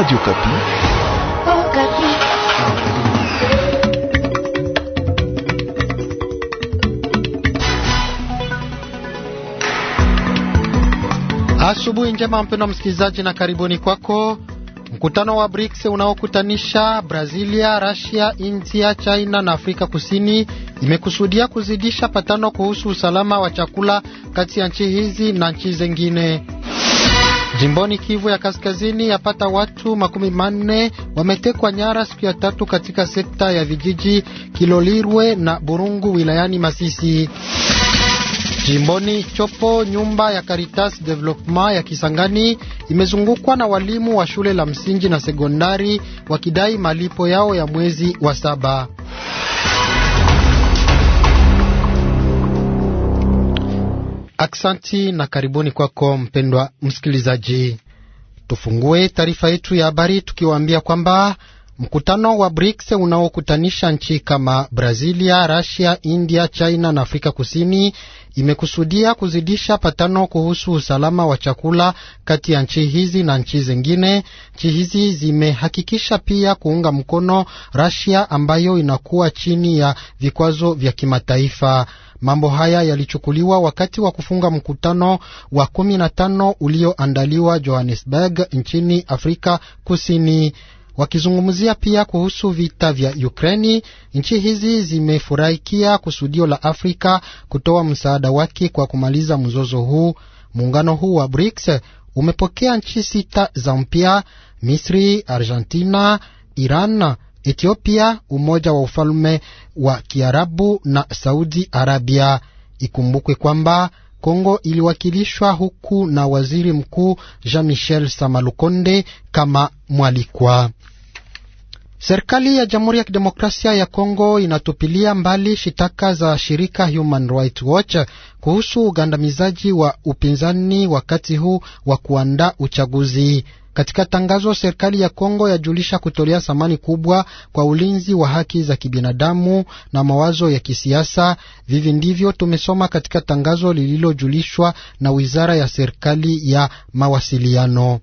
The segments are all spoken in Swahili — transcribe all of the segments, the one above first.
Radio Okapi. Oh, Kapi. Asubuhi njema mpendwa msikilizaji na karibuni kwako. Mkutano wa BRICS unaokutanisha Brazilia, Russia, India, China na Afrika Kusini imekusudia kuzidisha patano kuhusu usalama wa chakula kati ya nchi hizi na nchi zingine. Jimboni Kivu ya Kaskazini, yapata watu makumi manne wametekwa nyara siku ya tatu katika sekta ya vijiji Kilolirwe na Burungu wilayani Masisi. Jimboni Chopo, nyumba ya Caritas Development ya Kisangani imezungukwa na walimu wa shule la msingi na sekondari wakidai malipo yao ya mwezi wa saba. Aksanti na karibuni kwako mpendwa msikilizaji. Tufungue taarifa yetu ya habari tukiwaambia kwamba mkutano wa BRICS unaokutanisha nchi kama Brazilia, Russia, India, China na Afrika Kusini imekusudia kuzidisha patano kuhusu usalama wa chakula kati ya nchi hizi na nchi zingine. Nchi hizi zimehakikisha pia kuunga mkono Russia ambayo inakuwa chini ya vikwazo vya kimataifa. Mambo haya yalichukuliwa wakati wa kufunga mkutano wa 15 ulioandaliwa Johannesburg nchini Afrika Kusini wakizungumzia pia kuhusu vita vya Ukraini. Nchi hizi zimefurahikia kusudio la Afrika kutoa msaada wake kwa kumaliza mzozo huu. Muungano huu wa BRICS umepokea nchi sita za mpya: Misri, Argentina, Iran, Ethiopia, Umoja wa Ufalme wa Kiarabu na Saudi Arabia. Ikumbukwe kwamba Kongo iliwakilishwa huku na waziri mkuu Jean-Michel Samalukonde kama mwalikwa. Serikali ya Jamhuri ya Kidemokrasia ya Kongo inatupilia mbali shitaka za shirika Human Rights Watch kuhusu ugandamizaji wa upinzani wakati huu wa kuandaa uchaguzi. Katika tangazo, serikali ya Kongo yajulisha kutolea thamani kubwa kwa ulinzi wa haki za kibinadamu na mawazo ya kisiasa. Vivi ndivyo tumesoma katika tangazo lililojulishwa na wizara ya serikali ya mawasiliano.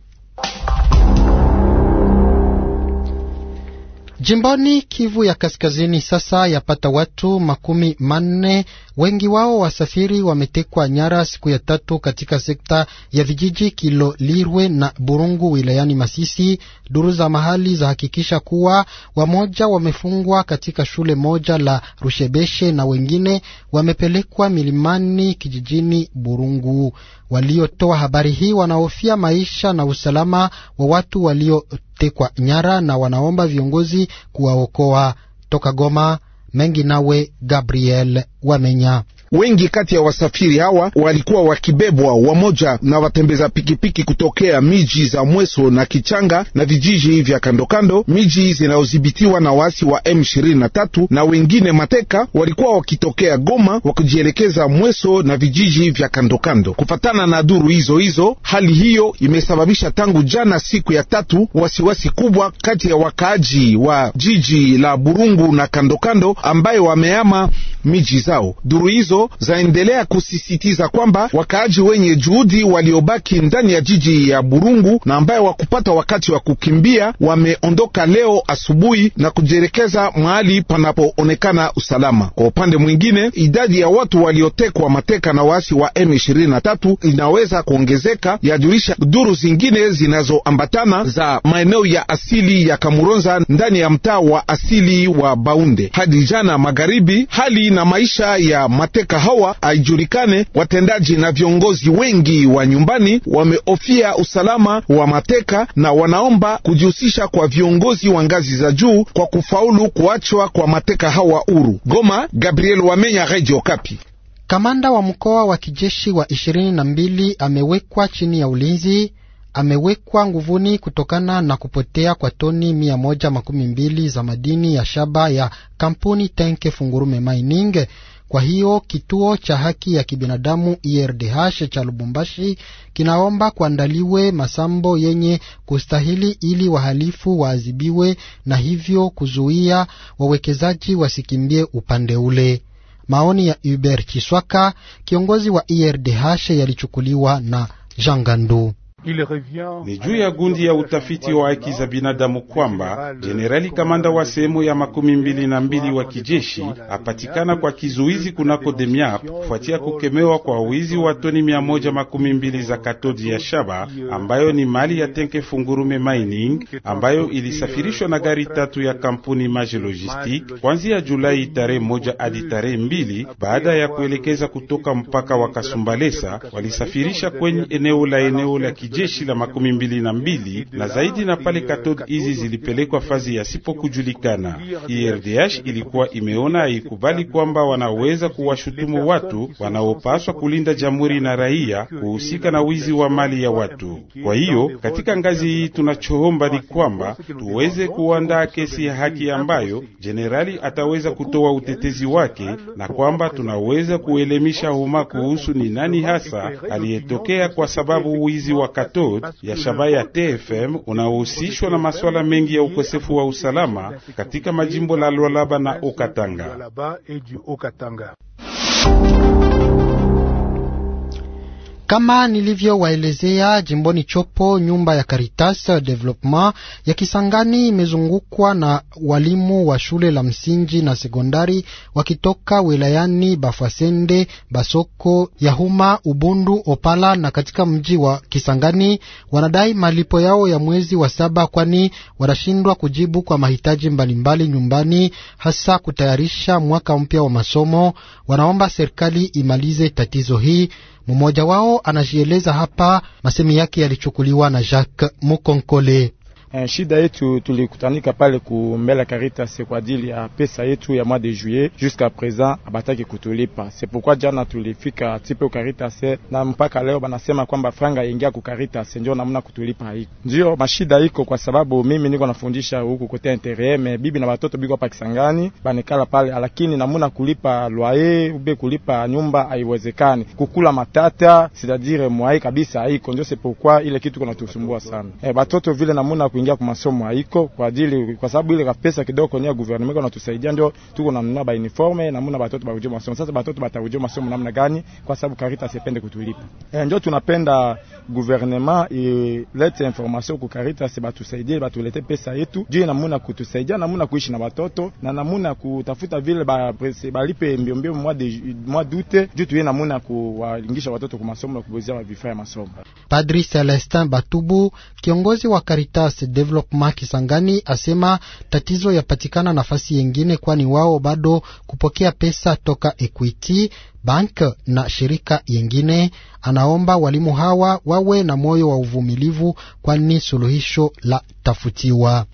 Jimboni Kivu ya Kaskazini sasa yapata watu makumi manne, wengi wao wasafiri, wametekwa nyara siku ya tatu katika sekta ya vijiji Kilolirwe na Burungu wilayani Masisi. Duru za mahali zahakikisha kuwa wamoja wamefungwa katika shule moja la Rushebeshe na wengine wamepelekwa milimani kijijini Burungu. Waliotoa habari hii wanahofia maisha na usalama wa watu walio wametekwa nyara na wanaomba viongozi kuwaokoa. Toka Goma, mengi nawe Gabriel Wamenya. Wengi kati ya wasafiri hawa walikuwa wakibebwa wamoja na watembeza pikipiki kutokea miji za Mweso na Kichanga na vijiji vya kandokando, miji zinazodhibitiwa na waasi wa M23, na wengine mateka walikuwa wakitokea Goma wakijielekeza Mweso na vijiji vya kandokando. Kufatana na duru hizo hizo, hali hiyo imesababisha tangu jana siku ya tatu wasiwasi kubwa kati ya wakaaji wa jiji la Burungu na kandokando ambayo wameama miji zao. Duru hizo zaendelea kusisitiza kwamba wakaaji wenye juhudi waliobaki ndani ya jiji ya Burungu na ambaye wakupata wakati wa kukimbia wameondoka leo asubuhi na kujielekeza mahali panapoonekana usalama. Kwa upande mwingine, idadi ya watu waliotekwa mateka na waasi wa M23 inaweza kuongezeka, yajulisha duru zingine zinazoambatana za maeneo ya asili ya Kamuronza ndani ya mtaa wa asili wa Baunde. Hadi jana magharibi, hali na maisha ya mateka kuwateka hawa haijulikane. Watendaji na viongozi wengi wa nyumbani wameofia usalama wa mateka na wanaomba kujihusisha kwa viongozi wa ngazi za juu kwa kufaulu kuachwa kwa mateka hawa huru. Goma, Gabriel Wamenya, Radio Kapi. Kamanda wa mkoa wa kijeshi wa ishirini na mbili amewekwa chini ya ulinzi amewekwa nguvuni kutokana na kupotea kwa toni mia moja makumi mbili za madini ya shaba ya kampuni Tenke Fungurume Mining kwa hiyo kituo cha haki ya kibinadamu IRDH e cha Lubumbashi kinaomba kuandaliwe masambo yenye kustahili ili wahalifu waadhibiwe na hivyo kuzuia wawekezaji wasikimbie upande ule. Maoni ya Hubert Chiswaka, kiongozi wa IRDH, e yalichukuliwa na Jean Gandu. Ni juu ya gundi ya utafiti wa haki za binadamu kwamba jenerali kamanda wa sehemu ya makumi mbili na mbili wa kijeshi apatikana kwa kizuizi kunako Demiap kufuatia kukemewa kwa wizi wa toni mia moja makumi mbili za katodi ya shaba ambayo ni mali ya Tenke Fungurume Mining ambayo ilisafirishwa na gari tatu ya kampuni maje Logistique kuanzia Julai tarehe moja hadi tarehe mbili baada ya kuelekeza kutoka mpaka wa Kasumbalesa walisafirisha kwenye eneo la eneo la kijeshi jeshi la makumi mbili na mbili na zaidi na pale katode hizi zilipelekwa fazi yasipokujulikana. IRDH ilikuwa imeona haikubali kwamba wanaweza kuwashutumu watu wanaopaswa kulinda jamhuri na raia kuhusika na wizi wa mali ya watu. Kwa hiyo katika ngazi hii tunachoomba ni kwamba tuweze kuandaa kesi ya haki ambayo jenerali ataweza kutoa utetezi wake na kwamba tunaweza kuelemisha umma kuhusu ni nani hasa aliyetokea kwa sababu wizi wa Katod ya shabaha ya TFM unaohusishwa na masuala mengi ya ukosefu wa usalama katika majimbo la Lualaba na Okatanga. Kama nilivyowaelezea jimboni Chopo, nyumba ya Caritas Development ya Kisangani imezungukwa na walimu wa shule la msingi na sekondari wakitoka wilayani Bafasende, Basoko, Yahuma, Ubundu, Opala na katika mji wa Kisangani wanadai malipo yao ya mwezi wa saba, kwani wanashindwa kujibu kwa mahitaji mbalimbali nyumbani, hasa kutayarisha mwaka mpya wa masomo. Wanaomba serikali imalize tatizo hii. Mmoja wao anajieleza hapa, masemi yake yalichukuliwa na Jacques Mukonkole. Eh, shida yetu tulikutanika pale kumbela Caritas kwa ajili ya pesa yetu ya mwa de juillet, jusqu'à présent abataki kutulipa. C'est pourquoi jana tulifika tipe Caritas na mpaka leo banasema kwamba franga yaingia ku Caritas ndio namna kutulipa hiko. Ndio mashida iko kwa sababu mimi niko nafundisha huku kote me bibi na watoto biko hapa Kisangani, banikala pale lakini namuna kulipa loyer ube kulipa nyumba haiwezekani. Kukula matata, cest à mwai kabisa haiko. Ndio c'est pourquoi ile kitu kunatusumbua sana. Eh, batoto vile namuna kuingia kuingia kwa masomo haiko kwa ajili, kwa sababu ile pesa kidogo ni government inatusaidia, ndio tuko na nunua ba na muna batoto barujia masomo. Sasa batoto batarujia masomo namna gani? Kwa sababu Caritas sipende kutulipa eh, ndio tunapenda government ilete information ku Caritas, batusaidie batulete pesa yetu juu namuna kutusaidia namuna kuishi na batoto na namuna kutafuta vile ba balipe mbio mbio mwa de mwa dute juu tuwe namuna kuwalingisha watoto kwa masomo na kubozea vifaa vya masomo. Padri Celestin Batubu, kiongozi wa Caritas Development Kisangani asema tatizo yapatikana nafasi yengine, kwani wao bado kupokea pesa toka Equity Bank na shirika yengine. Anaomba walimu hawa wawe na moyo wa uvumilivu, kwani suluhisho la tafutiwa.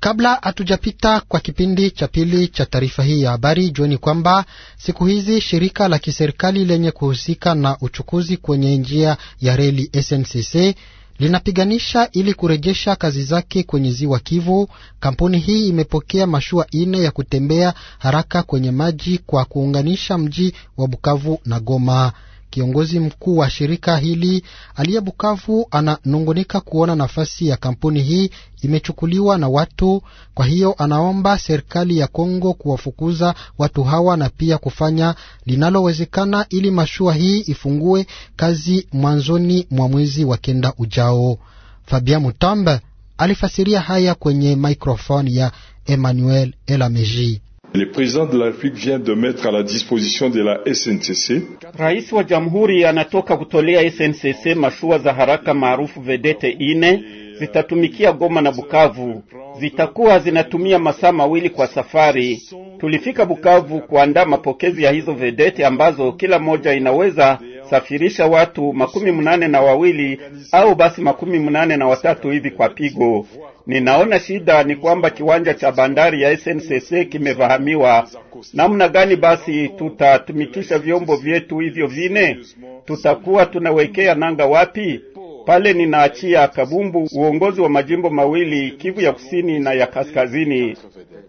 Kabla hatujapita kwa kipindi cha pili cha taarifa hii ya habari, jueni kwamba siku hizi shirika la kiserikali lenye kuhusika na uchukuzi kwenye njia ya reli SNCC linapiganisha ili kurejesha kazi zake kwenye ziwa Kivu. Kampuni hii imepokea mashua ine ya kutembea haraka kwenye maji kwa kuunganisha mji wa Bukavu na Goma. Kiongozi mkuu wa shirika hili aliye Bukavu ananungunika kuona nafasi ya kampuni hii imechukuliwa na watu. Kwa hiyo anaomba serikali ya Kongo kuwafukuza watu hawa na pia kufanya linalowezekana ili mashua hii ifungue kazi mwanzoni mwa mwezi wa kenda ujao. Fabien Mutamba alifasiria haya kwenye maikrofoni ya Emmanuel Elameji. Le de la vient de mettre la disposition de la SNCC. Rais wa Jamhuri anatoka kutolea SNCC mashua za haraka maarufu vedete ine zitatumikia Goma na Bukavu. Zitakuwa zinatumia masaa mawili kwa safari. Tulifika Bukavu kuandaa mapokezi ya hizo vedete ambazo kila moja inaweza safirisha watu makumi mnane na wawili au basi makumi mnane na watatu hivi kwa pigo. Ninaona shida ni kwamba kiwanja cha bandari ya SNCC kimevahamiwa. Namna gani basi tutatumikisha vyombo vyetu hivyo vine? Tutakuwa tunawekea nanga wapi? Pale ninaachia kabumbu uongozi wa majimbo mawili Kivu ya Kusini na ya Kaskazini.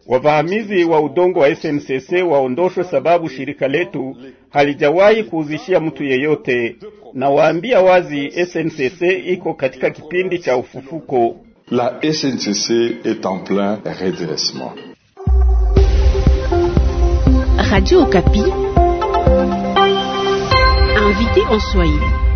Wavahamizi wa udongo wa SNCC waondoshwe, sababu shirika letu halijawahi kuuzishia mtu yeyote, na waambia wazi, SNCC iko katika kipindi cha ufufuko. La SNCC est en plein redressement. Radio Okapi, invité en Swahili.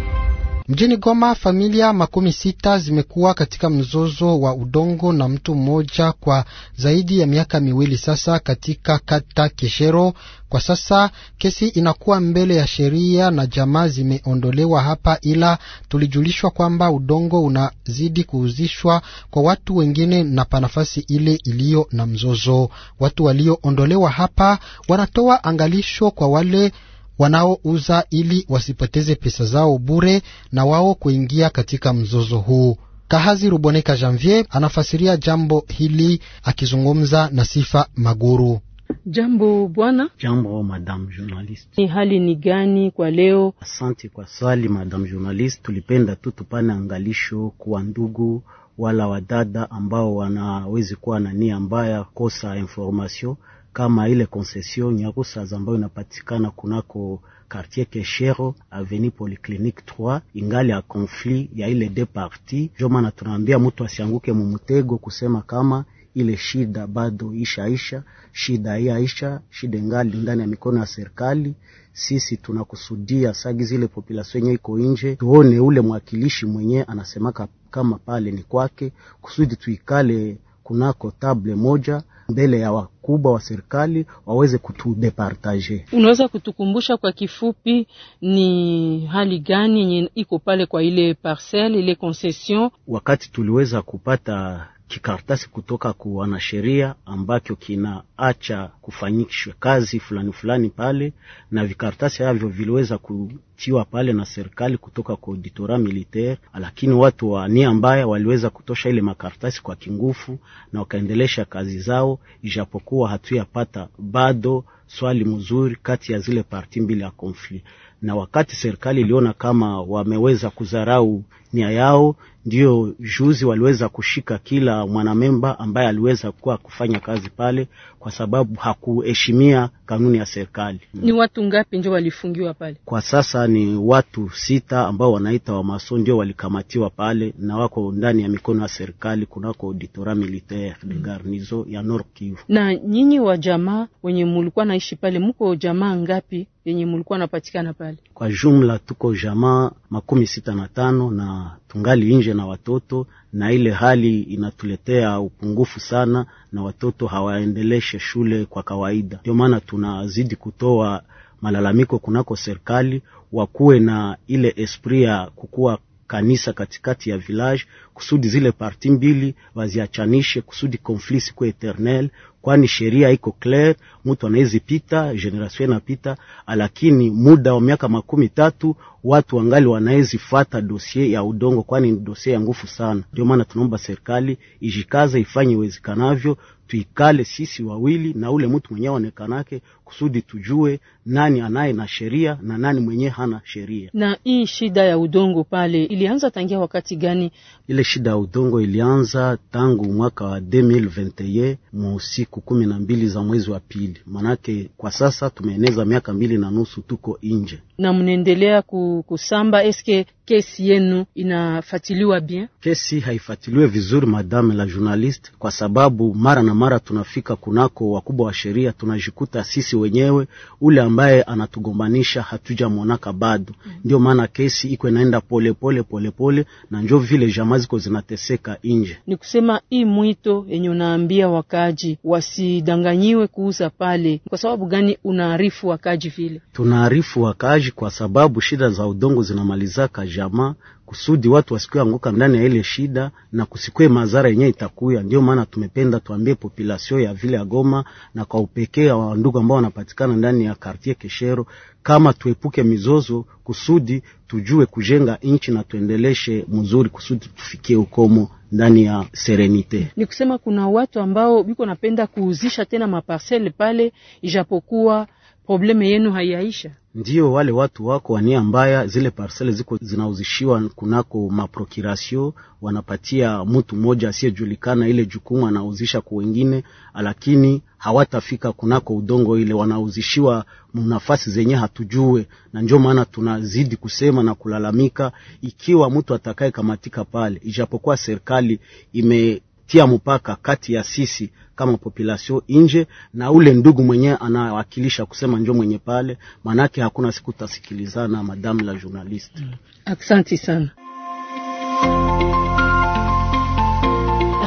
Mjini Goma, familia makumi sita zimekuwa katika mzozo wa udongo na mtu mmoja kwa zaidi ya miaka miwili sasa katika kata Keshero. Kwa sasa kesi inakuwa mbele ya sheria na jamaa zimeondolewa hapa, ila tulijulishwa kwamba udongo unazidi kuuzishwa kwa watu wengine na panafasi ile iliyo na mzozo. Watu walioondolewa hapa wanatoa angalisho kwa wale wanaouza ili wasipoteze pesa zao bure na wao kuingia katika mzozo huu. Kahazi Ruboneka Janvier anafasiria jambo hili akizungumza na Sifa Maguru. Jambo bwana. Jambo madam journalist. Ni hali ni gani kwa leo? Asante kwa swali madam journalist. Tulipenda tu tupane angalisho kwa ndugu wala wadada ambao wanawezi kuwa na nia mbaya kosa information kama ile concession nyarusa ambayo inapatikana kunako quartier Keshero Avenue Polyclinique 3 ingali ya konfli ya ile deux parti Ndio maana tunaambia mtu asianguke mumutego kusema kama ile shida bado ishaisha, shida aisha, shida ingali ndani ya mikono ya serikali. Sisi tunakusudia sagi zile population yenye iko nje, tuone ule mwakilishi mwenye anasemaka kama pale ni kwake, kusudi tuikale kunako table moja mbele ya wakubwa wa serikali waweze kutudepartage. Unaweza kutukumbusha kwa kifupi ni hali gani yenye iko pale kwa ile parcel ile concession? Wakati tuliweza kupata kikaratasi kutoka kwa wanasheria ambacho kinaacha kufanyishwe kazi fulani fulani pale, na vikaratasi havyo viliweza kutiwa pale na serikali kutoka kwa auditora militaire, lakini watu wa nia mbaya waliweza kutosha ile makaratasi kwa kingufu na wakaendelesha kazi zao, ijapokuwa hatuyapata bado swali mzuri kati ya zile parti mbili ya konfli, na wakati serikali iliona kama wameweza kudharau nia yao, ndio juzi waliweza kushika kila mwanamemba ambaye aliweza kuwa kufanya kazi pale, kwa sababu hakuheshimia kanuni ya serikali. Ni watu ngapi ndio walifungiwa pale? Kwa sasa ni watu sita ambao wanaita wamaso ndio walikamatiwa pale na wako ndani ya mikono ya serikali kunako auditora militaire de mm. garnizo ya Nord Kivu. Na nyinyi wa jamaa wenye mulikuwa na mnaishi pale, mko jamaa ngapi yenye mulikuwa napatikana pale? Kwa jumla tuko jamaa makumi sita na tano na tungali nje na watoto, na ile hali inatuletea upungufu sana, na watoto hawaendeleshe shule kwa kawaida. Ndio maana tunazidi kutoa malalamiko kunako serikali, wakuwe na ile esprit ya kukuwa kanisa katikati ya village kusudi zile parti mbili waziachanishe kusudi konflit sikuwe eternel kwani sheria iko clear, mtu anaezi pita, generation inapita, lakini muda wa miaka makumi tatu watu wangali wanaezi fata dosie ya udongo, kwani ni dosie ya ngufu sana. Ndio maana tunaomba serikali ijikaze, ifanye iwezekanavyo, tuikale sisi wawili na ule mtu mwenyewe aonekanake, kusudi tujue nani anaye na sheria na nani mwenye hana sheria. Na hii shida ya udongo pale ilianza tangia wakati gani? Ile shida ya udongo ilianza tangu mwaka wa 2021 muusiku siku kumi na mbili za mwezi wa pili. Manake kwa sasa tumeeneza miaka mbili na nusu tuko nje na mnaendelea kusamba. Eske kesi yenu inafatiliwa bien? Kesi haifatiliwe vizuri, madame la journaliste, kwa sababu mara na mara tunafika kunako wakubwa wa sheria, tunajikuta sisi wenyewe ule ambaye anatugombanisha hatujamwonaka bado. mm -hmm. Ndio maana kesi iko inaenda polepole polepole, na njo vile jamaa ziko zinateseka nje. Ni kusema hii mwito yenye unaambia wakaji wa wasidanganyiwe kuuza pale. Kwa sababu gani unaarifu wakaaji vile? Tunaarifu wakaaji kwa sababu shida za udongo zinamalizaka jamaa kusudi watu wasikue anguka ndani ya ile shida na kusikue madhara yenyewe itakuya. Ndio maana tumependa tuambie population ya vile ya Goma na kwa upekee wa wandugu ambao wanapatikana ndani ya quartier Keshero, kama tuepuke mizozo kusudi tujue kujenga nchi na tuendeleshe mzuri kusudi tufikie ukomo ndani ya serenite. Ni kusema kuna watu ambao biko napenda kuuzisha tena maparcele pale, ijapokuwa probleme yenu haiyaisha. Ndiyo wale watu wako wania mbaya, zile parcele ziko zinauzishiwa kunako maprocuration, wanapatia mtu mmoja asiyejulikana ile jukumu, anauzisha kwa wengine, lakini hawatafika kunako udongo ile, wanauzishiwa nafasi zenye hatujue, na ndio maana tunazidi kusema na kulalamika, ikiwa mtu atakaye kamatika pale, ijapokuwa serikali ime tia mpaka kati ya sisi kama population nje na ule ndugu mwenye anawakilisha kusema njo mwenye pale, manake hakuna siku tasikilizana. madamu la journaliste, mm. Aksanti sana.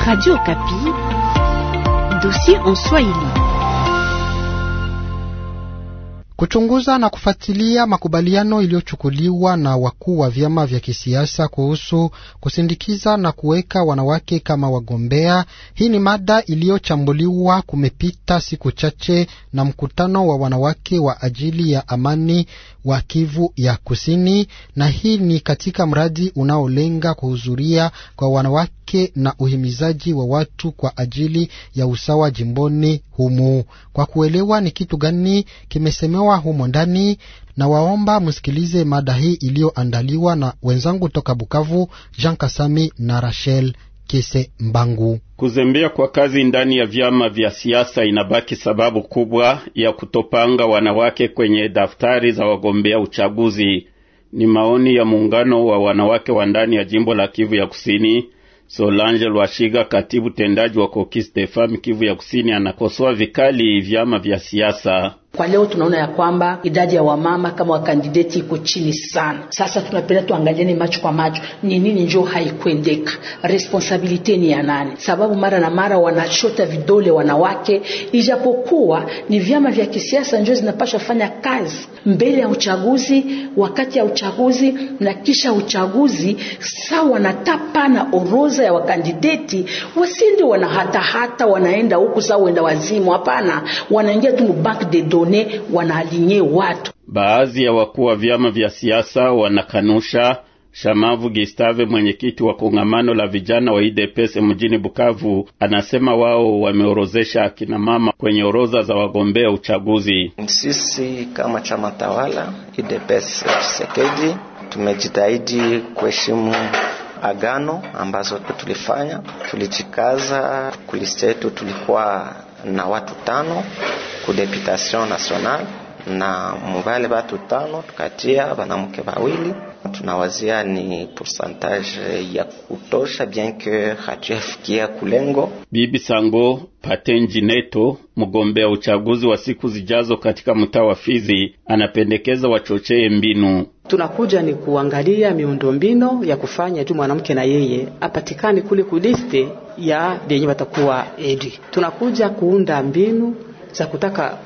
Radio Kapi, dossier en Swahili kuchunguza na kufuatilia makubaliano iliyochukuliwa na wakuu wa vyama vya kisiasa kuhusu kusindikiza na kuweka wanawake kama wagombea. Hii ni mada iliyochambuliwa kumepita siku chache na mkutano wa wanawake wa ajili ya amani wa Kivu ya Kusini, na hii ni katika mradi unaolenga kuhudhuria kwa wanawake na uhimizaji wa watu kwa ajili ya usawa jimboni humu. Kwa kuelewa ni kitu gani kimesemewa humo ndani, na waomba msikilize mada hii iliyoandaliwa na wenzangu toka Bukavu, Jean Kasami na Rachel Kese Mbangu. Kuzembea kwa kazi ndani ya vyama vya siasa inabaki sababu kubwa ya kutopanga wanawake kwenye daftari za wagombea uchaguzi. Ni maoni ya muungano wa wanawake wa ndani ya jimbo la Kivu ya Kusini. Solange Lwashiga, katibu tendaji wa Kokis Stefam Kivu ya Kusini, anakosoa vikali vyama vya siasa. Kwa leo tunaona ya kwamba idadi ya wamama kama wakandideti iko chini sana. Sasa tunapenda tuangaliane macho kwa macho, ni nini njoo haikuendeka, responsabilite ni ya nani? Sababu mara na mara wanashota vidole wanawake, ijapokuwa ni vyama vya kisiasa njoo zinapaswa fanya kazi mbele ya uchaguzi, wakati ya uchaguzi na kisha uchaguzi. Sawa, wanatapa na oroza ya wakandideti, wasindi wanahatahata wanaenda huku sawa, uenda wazimu. Hapana, wanaingia tu mu bank de données wakone wanaalinye watu. Baadhi ya wakuu wa vyama vya siasa wanakanusha. Shamavu Gistave, mwenyekiti wa kongamano la vijana wa IDPS mjini Bukavu, anasema wao wameorozesha akina mama kwenye orodha za wagombea uchaguzi. Sisi kama chama tawala IDPS Tshisekedi tumejitahidi kuheshimu agano ambazo tulifanya, tulijikaza. Kulista yetu tulikuwa na watu tano kudeputation national na muvale batu tano tukatia banamuke bawili tunawazia ni pourcentage ya kutosha bien que hatuyafikia kulengo. Bibi Sango Patenji Neto, mgombea uchaguzi wa siku zijazo katika mtaa wa Fizi, anapendekeza wachochee mbinu. Tunakuja ni kuangalia miundombinu ya kufanya tu mwanamke na yeye apatikane kule kuliste ya vyenye watakuwa edi. Tunakuja kuunda mbinu za kutaka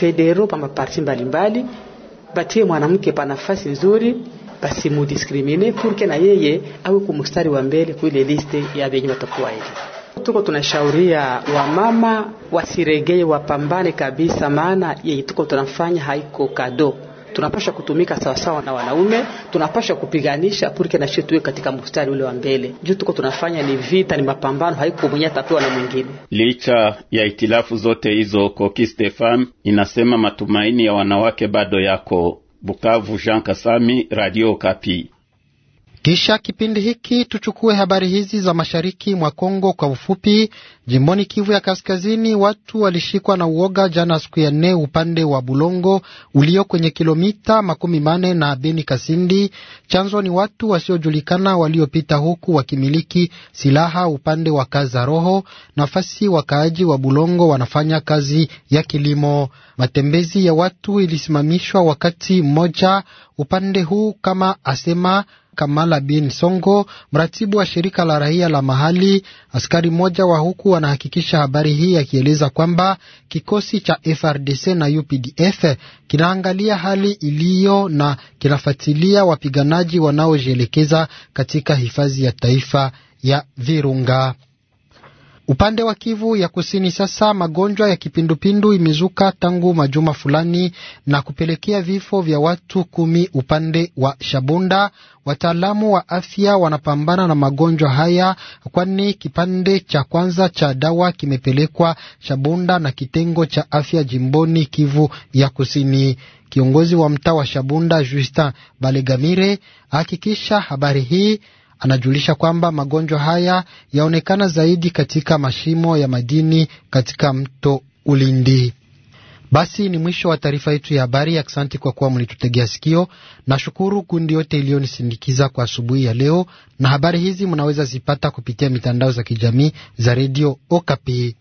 federo pa maparti mbalimbali batie mwanamke pa nafasi nzuri basimudiskrimine purke na yeye awe kumustari wa mbele kuile liste ya benye watakuwa ile. Tuko tunashauria wamama wasiregee, wapambane kabisa, maana yeye tuko tunafanya haiko kado tunapasha kutumika sawasawa na wanaume, tunapasha kupiganisha purike na shetu katika mstari ule wa mbele, juu tuko tunafanya ni vita, ni mapambano, haiko mwenye atapewa na mwingine. Licha ya itilafu zote hizo, Koki Stefan inasema matumaini ya wanawake bado yako. Bukavu, Jean Kasami, Radio Kapi. Kisha kipindi hiki tuchukue habari hizi za mashariki mwa Kongo kwa ufupi. Jimboni Kivu ya Kaskazini, watu walishikwa na uoga jana siku ya nne upande wa Bulongo ulio kwenye kilomita makumi mane na Beni Kasindi. Chanzo ni watu wasiojulikana waliopita huku wakimiliki silaha upande wa Kaza Roho, nafasi wakaaji wa Bulongo wanafanya kazi ya kilimo. Matembezi ya watu ilisimamishwa wakati mmoja upande huu, kama asema Kamala bin Songo, mratibu wa shirika la raia la mahali. Askari mmoja wa huku anahakikisha habari hii akieleza kwamba kikosi cha FRDC na UPDF kinaangalia hali iliyo na kinafuatilia wapiganaji wanaojielekeza katika hifadhi ya taifa ya Virunga. Upande wa Kivu ya Kusini, sasa magonjwa ya kipindupindu imezuka tangu majuma fulani na kupelekea vifo vya watu kumi upande wa Shabunda. Wataalamu wa afya wanapambana na magonjwa haya, kwani kipande cha kwanza cha dawa kimepelekwa Shabunda na kitengo cha afya jimboni Kivu ya Kusini. Kiongozi wa mtaa wa Shabunda Justin Balegamire hakikisha habari hii Anajulisha kwamba magonjwa haya yaonekana zaidi katika mashimo ya madini katika mto Ulindi. Basi ni mwisho wa taarifa yetu ya habari. Aksanti kwa kuwa mlitutegea sikio. Nashukuru kundi yote iliyonisindikiza kwa asubuhi ya leo, na habari hizi mnaweza zipata kupitia mitandao za kijamii za redio Okapi.